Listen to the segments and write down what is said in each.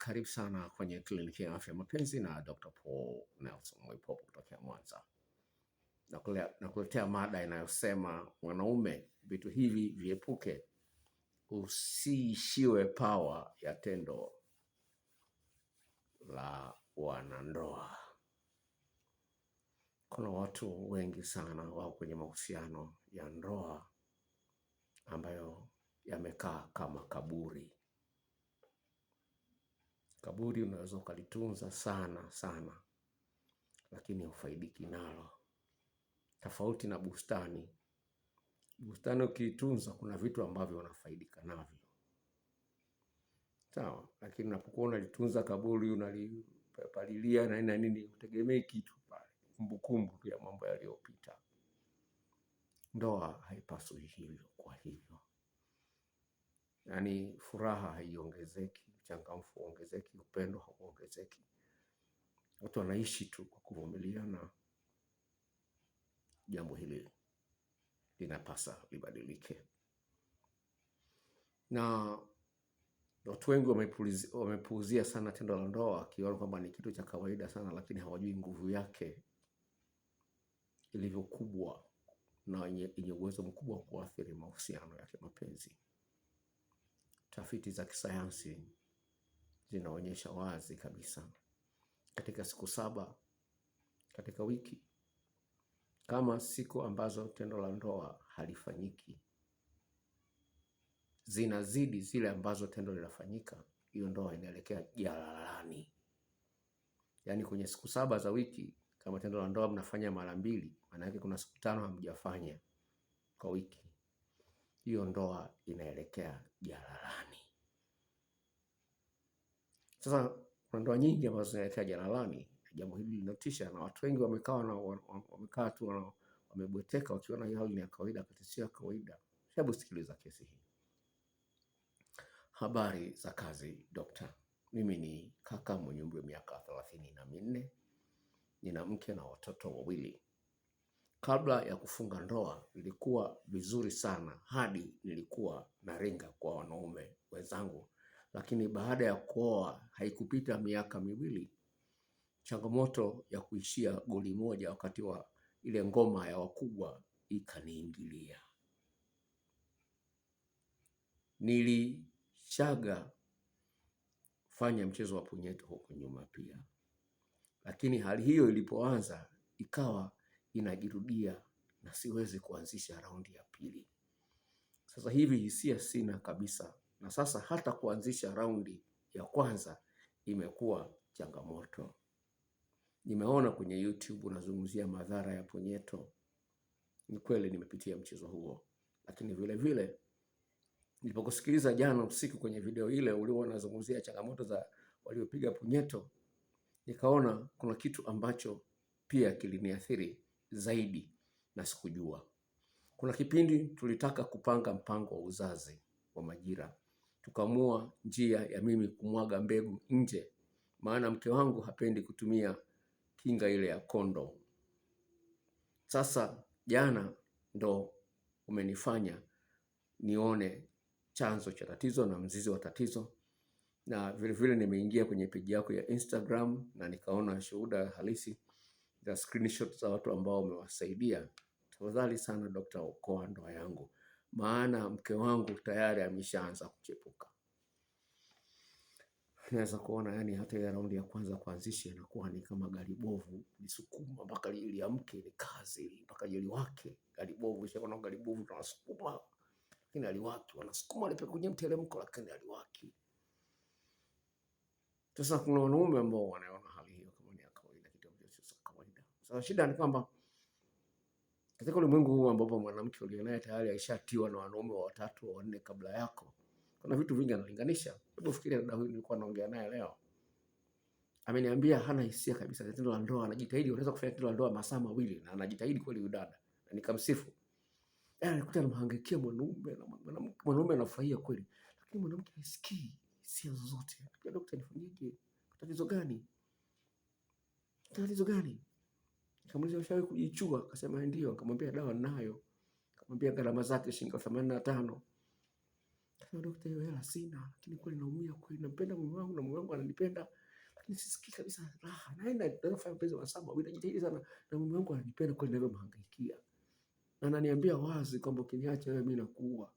Karibu sana kwenye kliniki ya afya mapenzi na Dr. Paul Nelson Mwaipopo kutokea Mwanza. Nakuletea mada inayosema mwanaume, vitu hivi viepuke, usiishiwe pawa ya tendo la wanandoa. Kuna watu wengi sana wao kwenye mahusiano ya ndoa ambayo yamekaa kama kaburi Kaburi unaweza ukalitunza sana sana, lakini hufaidiki nalo, tofauti na bustani. Bustani ukiitunza, kuna vitu ambavyo unafaidika navyo, sawa. Lakini unapokuwa unalitunza kaburi, unalipalilia na nini na nini, utegemee kitu pale, kumbukumbu ya mambo yaliyopita. Ndoa haipaswi hivyo. Kwa hivyo, yaani furaha haiongezeki uchangamfu huongezeki, upendo hauongezeki. Watu wanaishi tu kwa kuvumiliana. Jambo hili linapasa libadilike, na watu wengi wamepuuzia sana tendo la ndoa, akiona kwamba ni kitu cha kawaida sana, lakini hawajui nguvu yake ilivyo kubwa na yenye uwezo mkubwa wa kuathiri mahusiano ya kimapenzi. Tafiti za kisayansi zinaonyesha wazi kabisa katika siku saba katika wiki, kama siku ambazo tendo la ndoa halifanyiki zinazidi zile ambazo tendo linafanyika, hiyo ndoa inaelekea jalalani. Yaani kwenye siku saba za wiki, kama tendo la ndoa mnafanya mara mbili, maana yake kuna siku tano hamjafanya kwa wiki, hiyo ndoa inaelekea jalalani. Sasa kuna ndoa nyingi ambazo zinaelekea jalalani. Jambo hili linatisha, na watu wengi wamekaa wamekaa tu wamebweteka, wakiona hiyo hali ni ya kawaida, wakati sio kawaida. Hebu sikiliza kesi hii. Habari za kazi dokta, mimi ni kaka mwenye umri wa miaka thelathini na minne, nina mke na watoto wawili. Kabla ya kufunga ndoa nilikuwa vizuri sana, hadi nilikuwa naringa kwa wanaume wenzangu lakini baada ya kuoa haikupita miaka miwili, changamoto ya kuishia goli moja wakati wa ile ngoma ya wakubwa ikaniingilia. Nilishaga fanya mchezo wa punyeto huko nyuma pia, lakini hali hiyo ilipoanza ikawa inajirudia na siwezi kuanzisha raundi ya pili. Sasa hivi hisia sina kabisa na sasa hata kuanzisha raundi ya kwanza imekuwa changamoto. Nimeona kwenye YouTube unazungumzia madhara ya punyeto. Ni kweli nimepitia mchezo huo, lakini vile vile nilipokusikiliza jana usiku kwenye video ile uliokuwa unazungumzia changamoto za waliopiga punyeto, nikaona kuna kitu ambacho pia kiliniathiri zaidi na sikujua. Kuna kipindi tulitaka kupanga mpango wa uzazi wa majira tukamua njia ya mimi kumwaga mbegu nje, maana mke wangu hapendi kutumia kinga ile ya kondo. Sasa jana ndo umenifanya nione chanzo cha tatizo na mzizi wa tatizo, na vilevile nimeingia kwenye peji yako ya Instagram na nikaona shuhuda halisi za screenshot za watu ambao wamewasaidia. Tafadhali sana dokta, okoa ndoa yangu maana mke wangu tayari ameshaanza kuchepuka. Naweza kuona yani, hata ile raundi ya kwanza kuanzisha inakuwa ni kama gari bovu lisukuma mpaka liamke, ni kazi mpaka wake Gari bovu sio kuna gari bovu tunasukuma, lakini aliwaki, wanasukuma lipe kwenye mteremko, lakini aliwaki. Sasa kuna wanaume ambao wanaona hali hiyo kama ni kawaida, kitu ambacho sio kawaida. Sasa shida ni kwamba katika ulimwengu huu ambapo mwanamke ulionaye tayari aishatiwa na wanaume wa watatu wa wanne kabla yako, kuna vitu vingi analinganisha. Hebu fikiria, dada huyu nilikuwa naongea naye leo ameniambia hana hisia kabisa za tendo la ndoa, anajitahidi, unaweza kufanya tendo la ndoa masaa mawili na anajitahidi kweli huyu dada, na nikamsifu. Eh, alikuta anamhangaikia mwanaume na mwanamke, mwanaume anafurahia kweli, lakini mwanamke hasikii hisia zozote. Daktari, nifanyeje? Tatizo gani? Tatizo gani? Nikamuuliza, ushawahi kujichua? Akasema ndio. Nikamwambia dawa ninayo. Nikamwambia gharama zake shilingi elfu themanini na tano. Akasema dokta, hiyo hela sina, lakini kweli naumia kweli, nampenda mume wangu na mume wangu ananipenda, lakini sisikii kabisa raha. Naenda nafanya pesa wa saba, ninajitahidi sana na mume wangu ananipenda kweli, ninavyomhangaikia na ananiambia wazi kwamba ukiniacha wewe mimi nakuua,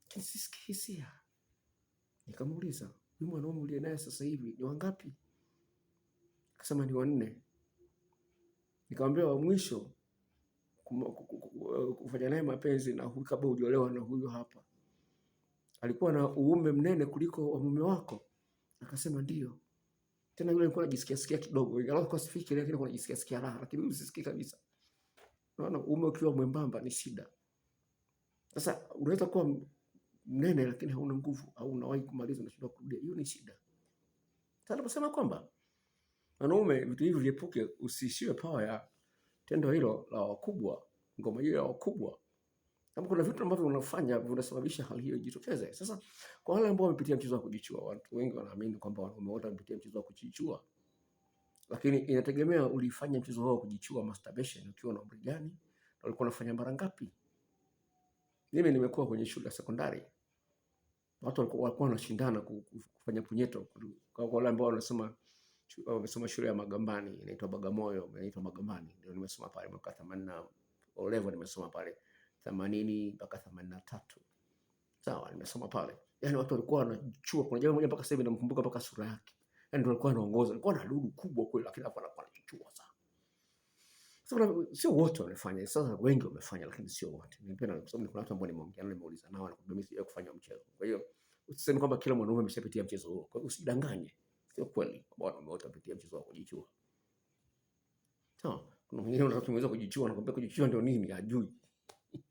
lakini sisikii hisia. Nikamuuliza, huyu mwanaume uliye naye sasa hivi ni wangapi? Akasema ni wanne nikamwambia wa mwisho kufanya naye mapenzi na huyu kabla hujaolewa na huyu hapa alikuwa na uume mnene kuliko wa mume wako? Akasema ndio. Tena yule alikuwa anajisikia sikia kidogo, ingawa kwa sifiki lakini alikuwa anajisikia sikia raha, lakini mimi sisikii kabisa. Unaona, uume ukiwa mwembamba ni shida. Sasa unaweza kuwa mnene lakini hauna nguvu au unawahi kumaliza unashindwa kurudia, hiyo ni shida. Sasa tunasema kwamba Wanaume vitu hivi viepuke, usiishiwe pawa ya tendo hilo la wakubwa, ngoma hiyo ya wakubwa, kama kuna vitu ambavyo unafanya vinasababisha hali hiyo ijitokeze. Sasa kwa wale ambao wamepitia mchezo wa kujichua, watu wengi wanaamini kwamba wanaume wote wamepitia mchezo wa kujichua, lakini inategemea ulifanya mchezo wao kujichua masturbation ukiwa na umri gani na ulikuwa unafanya mara ngapi. Mimi nimekuwa kwenye shule ya sekondari, watu walikuwa wanashindana kufanya punyeto, kwa wale ambao wanasema wamesoma oh, shule ya Magambani inaitwa Bagamoyo, inaitwa Magambani, ndio nimesoma pale mwaka 80 O level nimesoma pale 80 mpaka na tatu Sawa, nimesoma pale. Yani watu walikuwa wanachua, kuna jamaa mmoja mpaka sasa hivi namkumbuka mpaka sura yake. yani ndio alikuwa anaongoza, alikuwa na dudu kubwa kweli, lakini hapo anakuwa anachua sana. sio wote wamefanya, sasa wengi wamefanya, lakini sio wote. Nilipenda kwa sababu kuna watu ambao nimeongea nao, nimeuliza nao, na kumbe mimi sija kufanya mchezo. Kwa hiyo usiseme kwamba kila mwanaume ameshapitia mchezo huo. Kwa hiyo usidanganye. Sio kweli mchezo wa kujichua. Sawa, kuna mwingine kujichua kujichua ndio nini hajui.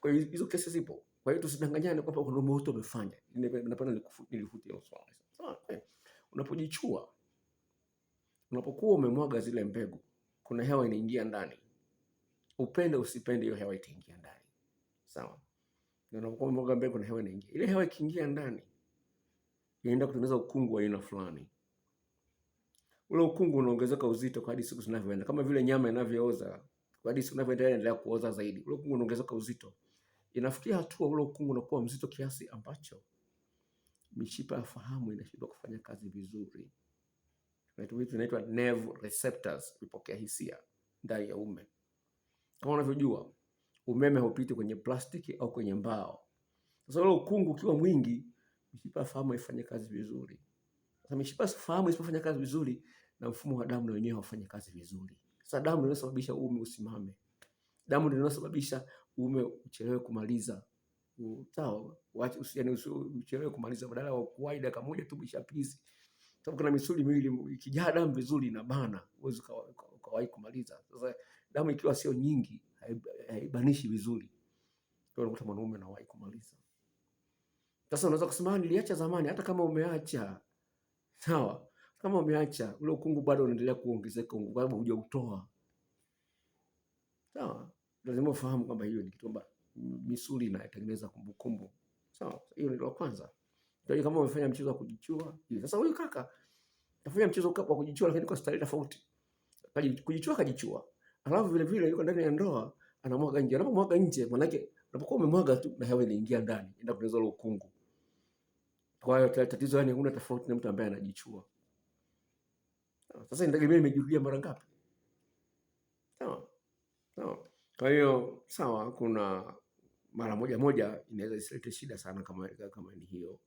Kwa hiyo hizo kesi zipo. Kwa hiyo tusidanganyane kwamba kuna mtu amefanya. nilifute swali. Sawa, eh. unapojichua unapokuwa umemwaga zile mbegu, kuna hewa inaingia ndani. Upende usipende, hiyo hewa itaingia ndani. Sawa, unapokuwa umemwaga mbegu, kuna hewa inaingia. Ile hewa ikiingia ndani inaenda kutengeneza ukungu wa aina fulani. Ule ukungu unaongezeka uzito kadri siku zinavyoenda, kama vile nyama inavyooza, kadri siku zinavyoenda inaendelea kuoza zaidi. Ule ukungu unaongezeka uzito, inafikia hatua ule ukungu unakuwa mzito kiasi ambacho mishipa ya fahamu inashindwa kufanya kazi vizuri. Vitu hivi vinaitwa nerve receptors, vipokea hisia ndani ya ume. Kama unavyojua umeme haupiti kwenye plastiki au kwenye mbao. Sasa ule ukungu ukiwa mwingi mishipa fahamu haifanye kazi vizuri. Sasa mishipa fahamu isipofanya kazi vizuri, na mfumo wa damu na wenyewe haufanyi kazi vizuri. Sasa damu ndio inasababisha uume usimame, damu ndio inasababisha uume uchelewe kumaliza sawa, yaani uchelewe kumaliza, badala ya kuwaida dakika moja tu mshapizi, sababu kuna misuli miwili ikijaa damu vizuri inabana, uweze ukawahi kumaliza. Sasa damu ikiwa sio nyingi haibanishi vizuri, ndio unakuta mwanaume anawahi kumaliza. Sasa unaweza kusema ah, niliacha zamani. Hata kama umeacha sawa, kama umeacha ule ukungu bado unaendelea kuongezeka, kwa sababu hujautoa. Sawa, lazima ufahamu kwamba hiyo ni kitu kwamba misuli inatengeneza kumbukumbu. Sawa, hiyo ndio la kwanza. Kwa hiyo kama umefanya mchezo wa kujichua, sasa huyu kaka kafanya mchezo wa kujichua, lakini kwa staili tofauti. Kujichua kajichua, alafu vile vile yuko ndani ya ndoa anamwaga nje, anapomwaga nje, maanake unapokuwa umemwaga tu na hewa inaingia ndani, inakutengeneza ukungu kwa hiyo tatizo yani huna tofauti na mtu ambaye anajichua. Ah, sasa inategemea nimejirudia mara ngapi. Sawa. Sawa. Kwa hiyo sawa, kuna mara moja moja inaweza isilete shida sana kama kama ni hiyo.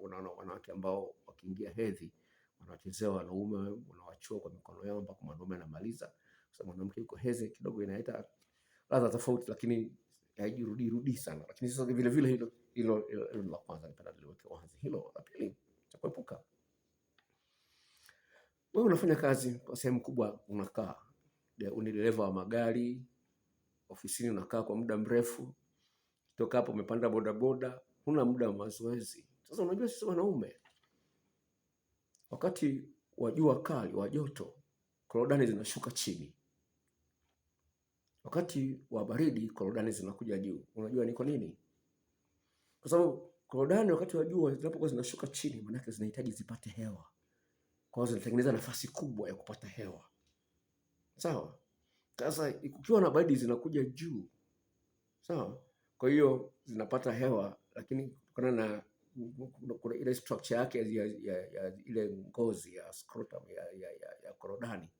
Unaona wanawake ambao wakiingia hedhi wanawachezewa wanaume, wanawachua kwa mikono yao mpaka mwanaume anamaliza. Sasa mwanamke yuko hedhi kidogo inaleta ladha tofauti, lakini haijirudi rudi sana, lakini sasa vile vile hilo hilo la kwanza, nipenda niliweke wazi hilo. La pili cha kuepuka, wewe unafanya kazi kwa sehemu kubwa, unakaa ni dereva wa magari, ofisini unakaa kwa muda mrefu, toka hapo umepanda bodaboda, huna muda wa mazoezi. Sasa unajua sisi wanaume wakati wa jua kali wa joto korodani zinashuka chini, wakati wa baridi korodani zinakuja juu. Unajua ni kwa nini? kwa sababu korodani wakati wa jua zinapokuwa zinashuka chini, manake zinahitaji zipate hewa, kwa hiyo zinatengeneza nafasi kubwa ya kupata hewa. Sawa. Sasa ikiwa na baridi zinakuja juu, sawa. Kwa hiyo zinapata hewa, lakini kutokana na ile structure yake ya ile ngozi ya scrotum ya korodani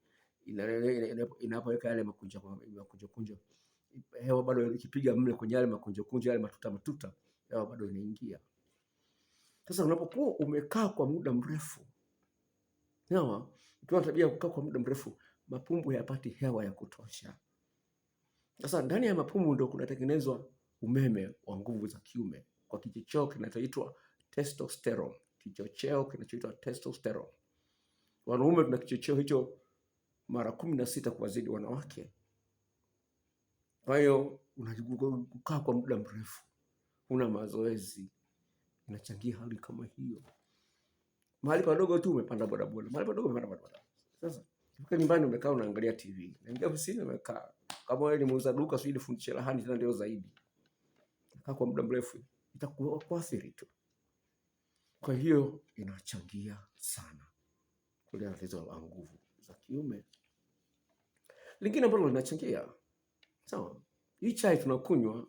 inapoweka yale makunjakunja, hewa bado ikipiga mle kwenye yale makunjakunja, yale matuta matuta hewa bado inaingia. Sasa unapokuwa umekaa kwa muda mrefu, sawa, ukiwa tabia ya kukaa kwa muda mrefu, mapumbu hayapati hewa ya kutosha. Sasa ndani ya mapumbu ndio kunatengenezwa umeme wa nguvu za kiume kwa kichocheo kinachoitwa testosterone, kichocheo kinachoitwa testosterone. Wanaume tuna kichocheo hicho mara kumi na sita kuwazidi wanawake. Kwa hiyo unakaa kwa muda mrefu huna mazoezi, inachangia hali kama hiyo. Mahali padogo tu umepanda bodaboda, mahali padogo umepanda bodaboda. Sasa ukifika nyumbani umekaa unaangalia TV, naingia ofisini umekaa kama wewe ni muuza duka, sio fundisha lahani tena ndio zaidi, kaa kwa muda mrefu itakuwa itakuathiri tu. Kwa hiyo inachangia sana kulea tatizo la nguvu za kiume. Lingine ambalo linachangia sawa, hii chai tunakunywa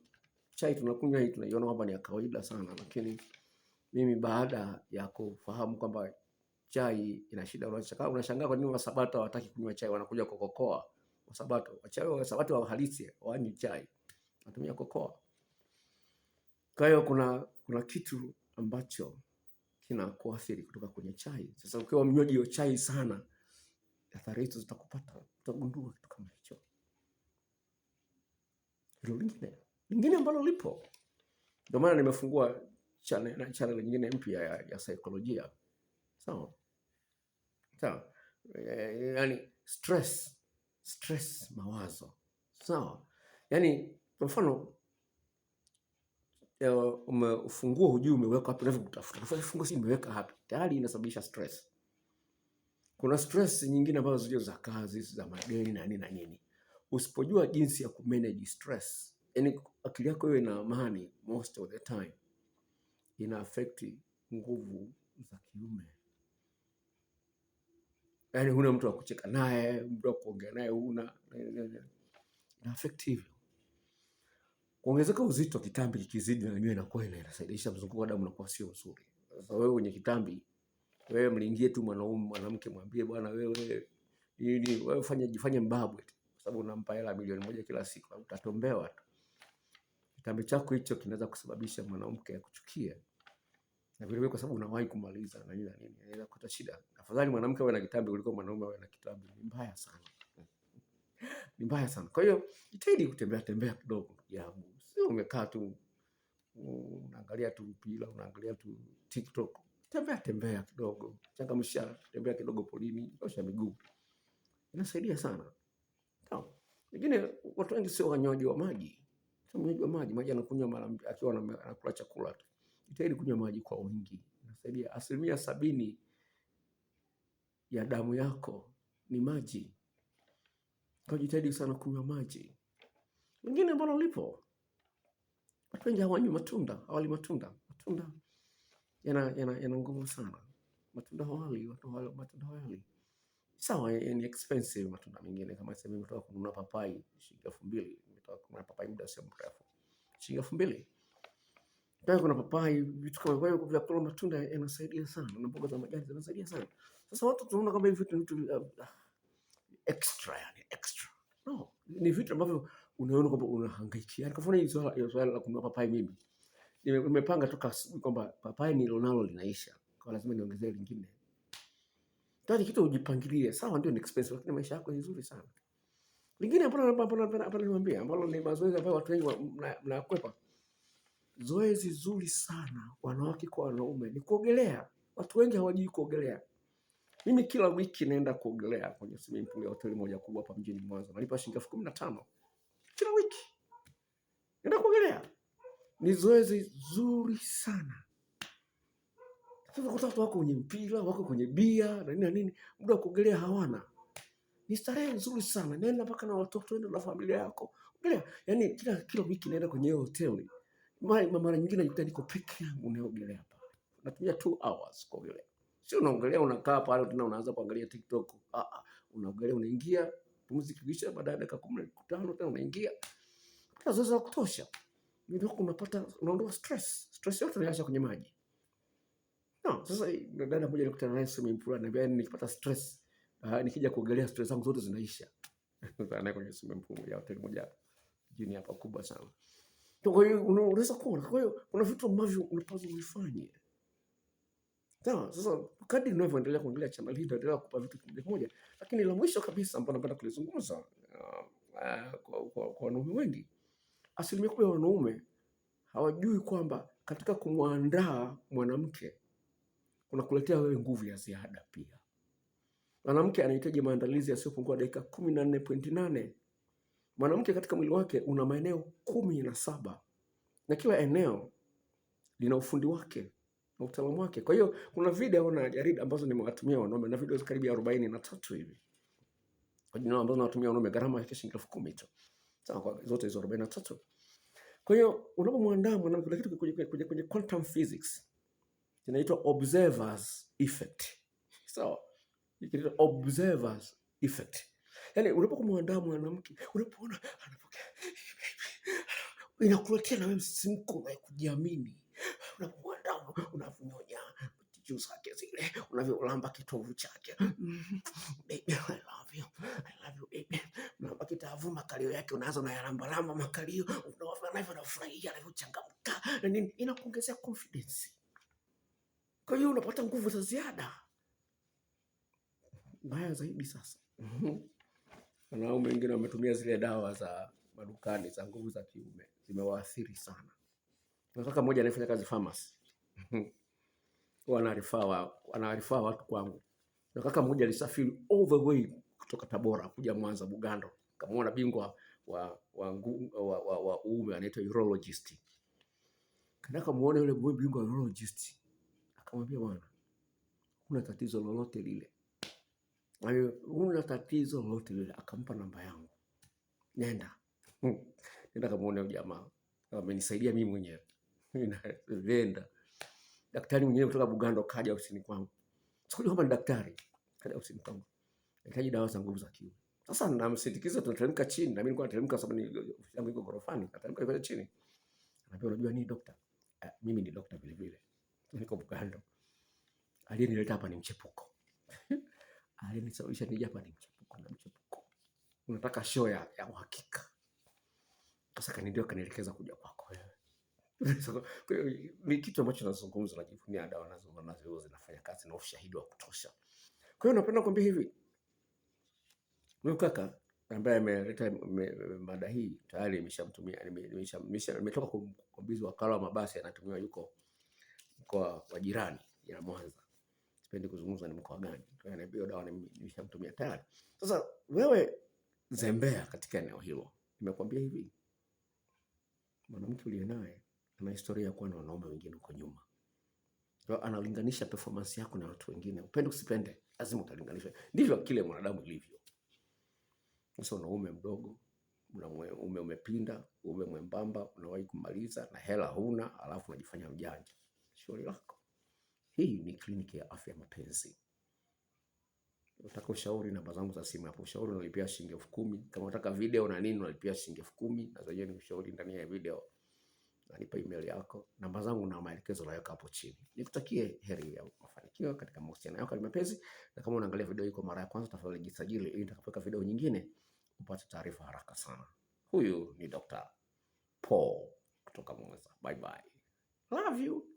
chai tunakunywa hii tunaiona kwamba ni ya kawaida sana, lakini mimi baada ya kufahamu kwamba chai ina shida, unashangaa kwa nini Wasabata hawataki kunywa chai, wanakuja kwa kokoa. Wasabato Wasabato wa halisi wanywi chai, wanatumia kokoa. Kwa hiyo kuna, kuna kitu ambacho kinakuathiri kutoka kwenye chai. Sasa ukiwa mnywaji wa chai sana, athari hizo zitakupata, utagundua kitu kama hicho. Hilo lingine lingine ambalo lipo. Ndio maana nimefungua channel, channel nyingine mpya ya, ya saikolojia sawa sawa, eh, yani stress, stress mawazo sawa, yani kwa mfano eh, ufunguo hujui umeweka wapi, unaweza kutafuta funguo, si nimeweka wapi, tayari inasababisha stress. Kuna stress nyingine ambazo zilio za kazi za madeni na nini na nini, usipojua jinsi ya kumanage stress yani akili yako iwe na amani most of the time, ina affect nguvu za kiume. Yani huna mtu wa kucheka naye, mtu wa kuongea naye huna, ina affect hivyo. Kuongezeka uzito kitambi kikizidi, na nywele inakuwa inasaidisha mzunguko wa damu unakuwa sio mzuri. Sasa wewe kwenye kitambi, wewe mlingie tu mwanaume mwanamke, mwambie bwana, wewe nini, wewe fanya jifanye mbabwe, kwa sababu unampa hela milioni moja kila siku, utatombewa tu kitendo chako hicho kinaweza kusababisha mwanamke akuchukie na vile vile kwa sababu unawahi kumaliza na nini na nini, inaweza kuta shida. Afadhali mwanamke awe na kitambi kuliko mwanaume awe na kitambi. Ni mbaya sana, ni mbaya sana. Kwa hiyo jitahidi kutembea tembea kidogo, ndugu sio umekaa tu unaangalia tu mpira, unaangalia tu TikTok. Tembea tembea kidogo, changamsha, tembea kidogo polini, osha miguu, inasaidia sana. Wengine watu wengi sio wanywaji wa maji Unajua maji, maji anakunywa mara mbili akiwa anakula chakula tu. Jitahidi kunywa maji kwa wingi, inasaidia. Asilimia sabini ya damu yako ni maji, kwa jitahidi sana kunywa maji. Wengine ambalo lipo, watu wengi hawanywi matunda, hawali matunda. Matunda yana yana yana nguvu sana, matunda hawali, watu hawali matunda hawali. Sawa, ni expensive matunda mengine, kama sasa mimi kutoka kununua papai shilingi elfu mbili kuna papai muda sio mrefu shilingi elfu mbili. Kwa kuna papai, vitu kama hivyo, vyakula, matunda yanasaidia sana na mboga za majani zinasaidia sana. Sasa watu tunaona kama hivi vitu vitu uh, extra, yani extra. No, ni vitu ambavyo unaona kwamba unahangaikia. Yani, kwa mfano hizo swala la kununua papai, mimi nimepanga toka asubuhi kwamba papai nililonalo linaisha, kwa lazima niongezee lingine. Tani kitu ujipangilie, sawa, ndio ni expensive, lakini maisha yako ni nzuri sana. Lingine hapa niwaambia ambalo ni mazoezi ambayo watu wengi mnakwepa. Zoezi zuri sana wanawake kwa wanaume ni kuogelea. Watu wengi hawajui kuogelea. Mimi kila wiki naenda kuogelea kwenye swimming pool ya hoteli moja kubwa hapa mjini Mwanza. Nalipa shilingi elfu kumi na tano kila wiki. Naenda kuogelea. Ni zoezi zuri sana. Sasa watu wako kwenye mpira, wako kwenye bia na nini na nini, muda wa kuogelea hawana ni starehe nzuri sana, nenda mpaka na watoto, nenda na familia yako. Unaelewa? Yani kila, kila wiki naenda kwenye hoteli mara nyingine najikuta niko peke yangu naogelea hapa, natumia 2 hours kuogelea. Sio unaogelea unakaa pale tena unaanza kuangalia TikTok. Ah ah, unaogelea unaingia, pumzi kisha baada ya dakika 15 tena unaingia. Kuna zoezi la kutosha. Ndio unapata unaondoa stress. Stress yote inaacha kwenye maji. No, sasa dada mmoja nilikutana naye swimming pool ananiambia yaani, nikipata stress uh, nikija kuogelea stress zangu zote zinaisha. Naye kwenye swimming pool ya hoteli moja jini hapa kubwa sana. Kwa hiyo unaweza kuona, kwa hiyo kuna vitu ambavyo unapaswa kufanya. Sawa, sasa kadri unavyoendelea kuangalia channel hii ndio kupa vitu kimoja kimoja, lakini la mwisho kabisa ambapo napenda kulizungumza ah, ah, kwa, kwa, kwa wanaume wengi, asilimia kubwa ya wanaume hawajui kwamba katika kumwandaa mwanamke kuna kuletea wewe nguvu ya ziada pia. Mwanamke anahitaji maandalizi yasiyopungua dakika 14.8. Mwanamke katika mwili wake una maeneo kumi na saba na kila eneo lina ufundi wake na utaalamu wake. Kwa hiyo kuna video na jarida ambazo nimewatumia wanaume na video za karibu ya arobaini na tatu hivi ambazo nawatumia wanaume, gharama yake shilingi elfu kumi tu zote hizo arobaini na tatu. Kwa hiyo unapomwandaa mwanamke, kuna kitu kwenye quantum physics inaitwa observers effect, sawa? observers effect. Yani unapokuwa mwanamke, unapoona anapokea inakuletea na wewe msisimko na kujiamini, unapomwandamu unavyonyonya juu zake zile unavyolamba kitovu chake, mm-hmm. unalamba kitavu, makalio yake unaanza unayalambalamba makalio, unavyo nafurahia anavyochangamka na nini, inakuongezea confidence. Kwa hiyo unapata nguvu za ziada mbaya zaidi sasa. Wanaume wengine wametumia zile dawa za madukani za nguvu za kiume, zimewaathiri sana. Kaka mmoja anafanya kazi pharmacy wanarifaa watu kwangu, na kaka mmoja alisafiri all the way kutoka Tabora kuja Mwanza Bugando, kamuona bingwa wa wa wa wa, wa, wa uume anaitwa urologist. Kana kamuona yule bingwa urologist, akamwambia bwana, kuna tatizo lolote lile una tatizo lolote lile, akampa namba yangu, nenda hmm. nenda kamuone jamaa, amenisaidia mimi mwenyewe nenda. Daktari mwenyewe kutoka Bugando kaja ofisini kwangu, sikujua kwamba ni daktari, kaja ofisini kwangu, nahitaji dawa za nguvu za kiume. Sasa namsindikiza, tunateremka chini, na mimi nilikuwa nateremka sababu ofisi yangu iko gorofani, nateremka kwenda chini, ananiambia unajua nini daktari, ah, mimi ni daktari vile vile, niko Bugando, aliyenileta hapa ni mchepuko alinisababisha nije hapa ni mchepuko na mchepuko. Unataka show ya ya uhakika. Sasa kanidio kanielekeza kuja kwako wewe. Ni kitu ambacho nazungumza, na najivunia dawa nazo nazo zinafanya kazi na ushahidi wa kutosha. Kwa hiyo napenda kuambia hivi. Huyu kaka ambaye ameleta mada hii tayari imeshamtumia nimetoka kwa mbizi wakala wa mabasi, anatumiwa yuko kwa, wa jirani ya Mwanza sipendi kuzungumza ni mkoa gani, anaambiwa dawa nimeshamtumia tayari. Sasa wewe zembea katika eneo hilo, nimekwambia hivi, mwanamke uliye naye ana historia ya kuwa na wanaume wengine huko nyuma, kwa analinganisha performance yako na watu wengine, upende usipende, lazima utalinganisha. Ndivyo kile mwanadamu ilivyo. Sasa una ume mdogo una ume umepinda ume mwembamba, unawahi kumaliza na hela huna, alafu unajifanya mjanja, shauri lako. Hii ni kliniki ya afya mapenzi. Unataka ushauri, namba zangu za simu hapo. Ushauri unalipia shilingi elfu kumi. Kama unataka video na nini unalipia shilingi elfu kumi na zenyewe ni ushauri ndani ya video. Nalipa email yako, namba zangu na maelekezo naweka hapo chini. Nikutakie heri ya mafanikio katika mahusiano yako ya mapenzi, na kama unaangalia video hii kwa mara ya kwanza, tafadhali jisajili ili nitakapoweka video nyingine upate taarifa haraka sana. Huyu ni Dr. Paul kutoka Mwanza. Bye bye. Love you.